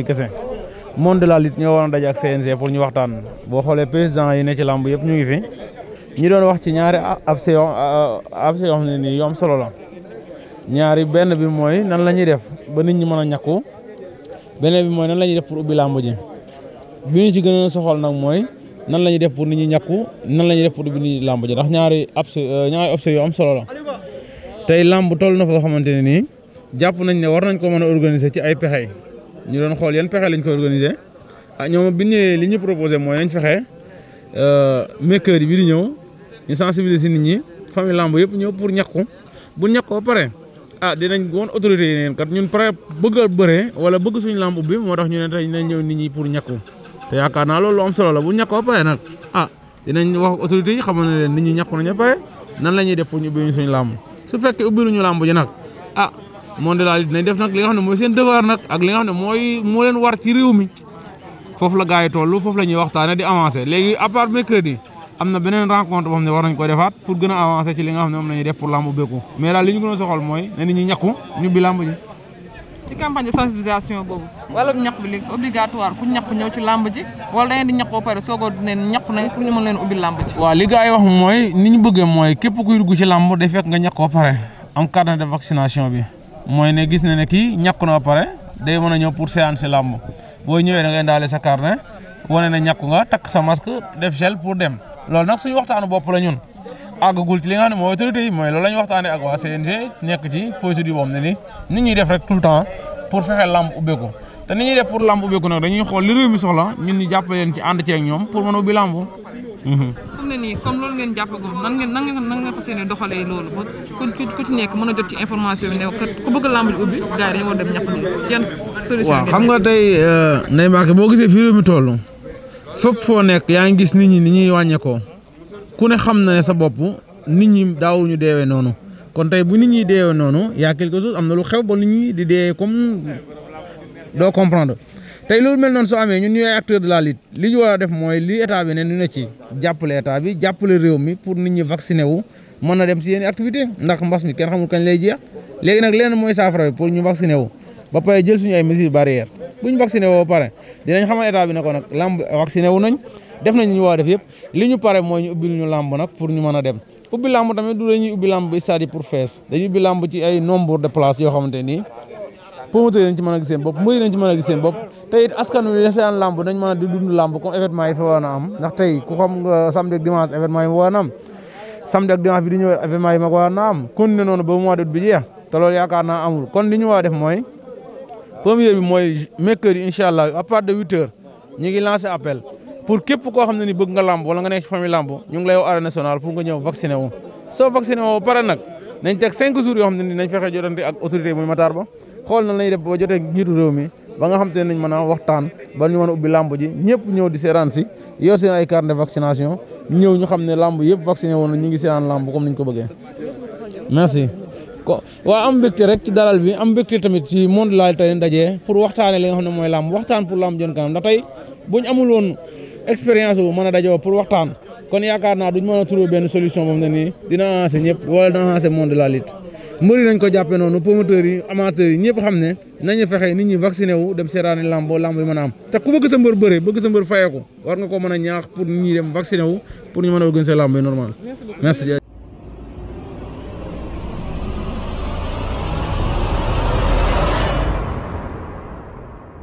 kese monde de la lutte ñoo waroon daje ak CNG pour ñu waxtaan boo xoolee président yi ne ci làmb yëpp ñu ngi fi ñi doon wax ci ñaari abse abse yoo xam ne nii solo la ñaari benn bi mooy nan la ñuy def ba nit ñi mën a beneen bi mooy nan la ñuy def pour ubbi ji bi ci gën soxal nag mooy nan la def pour nit ñi ñàkku nan la ñuy def pour ubbi nit ñi ñaari abse euh, ñaari abse yu solo la tey làmb toll na foo xamante ne nii jàpp nañ ne war nañ ko mën a organiser ci ay pexe ñu doon xool yan pexe lañ ko organisé ah ñoom bi ñëwee li ñu proposé mooy nañ fexe euh, mercredi bi di ñëw ñu sensibiliser nit ñi famille lamb yëpp ñëw pour ñàkku bu ñàkkoo ba pare ah dinañ woon autorité yi neen kat ñun pare bëgg a bëree wala bëgg suñ lamb ubbi moo tax ñu ne tey dinañ ñëw nit ñi pour ñàkku te yaakaar naa loolu lu am solo la bu ñàkkoo ba pare nag ah dinañ wax autorité yi xamal ne leen nit ñi ñàkku nañ ba pare nan la ñuy def pour ñu ubbi suñu lamb su fekkee ubbi ñu lamb ji nag ah. monde de la lutte dinañ def nag li nga xam ne mooy moo leen war ci réew mi foofu la gars yi toll foofu la ñuy waxtaanee di avancer léegi à part am na beneen rencontre boo xam ne war nañ defaat pour gën a avancer ci li nga xam ne moom la ñuy def pour lamb ubbeeku mais daal li ñu gën a soxal mooy ne nit ñi ñàkku ñu bi lamb ji. ci campagne de sensibilisation boobu wala ñaq bi léegi c'est obligatoire ku ñaq ñëw ci lamb ji wala da wax mooy ni ñu bëggee mooy képp kuy dugg ci lamb bi mooy ne gis na ne kii ñàkk na pare day mën a ñëw pour séance làmb boo ñëwee da ngay indaale sa carnet wane ne ñàkk nga takk sa masque def gel pour dem loolu nag suñu waxtaan bopp la ñun àggagul ci li nga xam moo mooy autorité mooy loolu la ñu waxtaanee ak waa CNG nekk ci projet bi boobu ne ni ñuy def rek tout le temps pour fexe làmb ubbeeku te nit ñuy def pour làmb ubbeeku nag dañuy xool li réew mi soxla ñun ñu jàppale leen ci ànd ceeg ñoom pour mën a ubbi làmb mhm. ne nii comme loolu ngeen jàppagum nan ngeen nan ngeen nan ngeen fas yéene doxalee a jot ci information bi ne ku bëgg làmb ji ubbi gars yi waaw xam nga tey euh, Ndeye Mbacke boo gisee fii réew mi toll fépp foo nekk yaa ngi gis nit ñi ni ñuy wàññeekoo ku ne xam na ne sa bopp nit ñi daawuñu deewee noonu kon tey bu nit ñi deewee noonu yaa quelque chose am na lu xew ba nit ñi di deewee comme doo comprendre tey loolu mel noonu soo amee ñun la lutte li ñu war a def mooy li état bi ne ñu ne ci jàppale état bi jàppale réew mi pour nit ñu vacciné wu mën na dem si yenn activité ndax mbas mi kenn xamul kañ lay jeex léegi nag leneen mooy saafara bi pour ñu vacciné wu ba pare jël suñu ay mesures barrières bu ñu vacciné woo ba pare dinañ xamal état bi ne ko nag lamb vacciné wu nañ def nañ ñu war def yëpp li ñu pare mooy ñu ubbi ñu làmb nag pour ñu mën a dem ubbi lamb tamit du la ñuy ubbi lamb bi stade yi pour fees ci ay nombre de places yoo xamante ni promoteurs yi dañ ci mën a gis seen bopp mbëri dañ ci mën a gis seen bopp te it askan wi yeseen làmb dañ mën a di dund làmb comme événement yi fa war a am ndax tey ku xam euh, samedi ak dimanche événement yi ma war a am ak dimanche bi di ñu war a def mooy premier bi mooy mercredi incha allah à de huit heures ñu ngi appel pour képp koo xam ni bëgg nga làmb wala nga nekk famille làmb ñu ngi lay woo arène nga ñëw vacciné wu soo vacciné woo pare nag nañ teg cinq xool na lañuy def ba jotee njiitu réew mi ba nga xam te nañ mën a waxtaan ba ñu mën ubbi làmb ji ñëpp ñëw di seetaan si yoo ay carte de vaccination ñëw ñu xam ne làmb yëpp vacciné woon na ñu ngi seetaan làmb comme ñu ko bëggee merci ko waaw am mbégte rek ci dalal bi am mbégte tamit ci monde laay tey dajee pour waxtaane li nga xam ne mooy làmb waxtaan pour làmb jëm kanam ndax buñ amul woon expérience bu a dajoo pour waxtaan kon yaakaar naa duñ mën a benn solution moom ne nii dina avancer ñëpp wala dina avancer monde mbëri nañ ko jàppee noonu promoteurs yi amateurs yi xam ne nañu fexe nit ñi vacciné dem seetaani lamb boo lamb yi mën am te bëgg sa mbër bëgg sa fayeeku war nga ko mën a ñaax pour nit ñi dem vacciné wu pour ñu mën a organiser lamb yi normal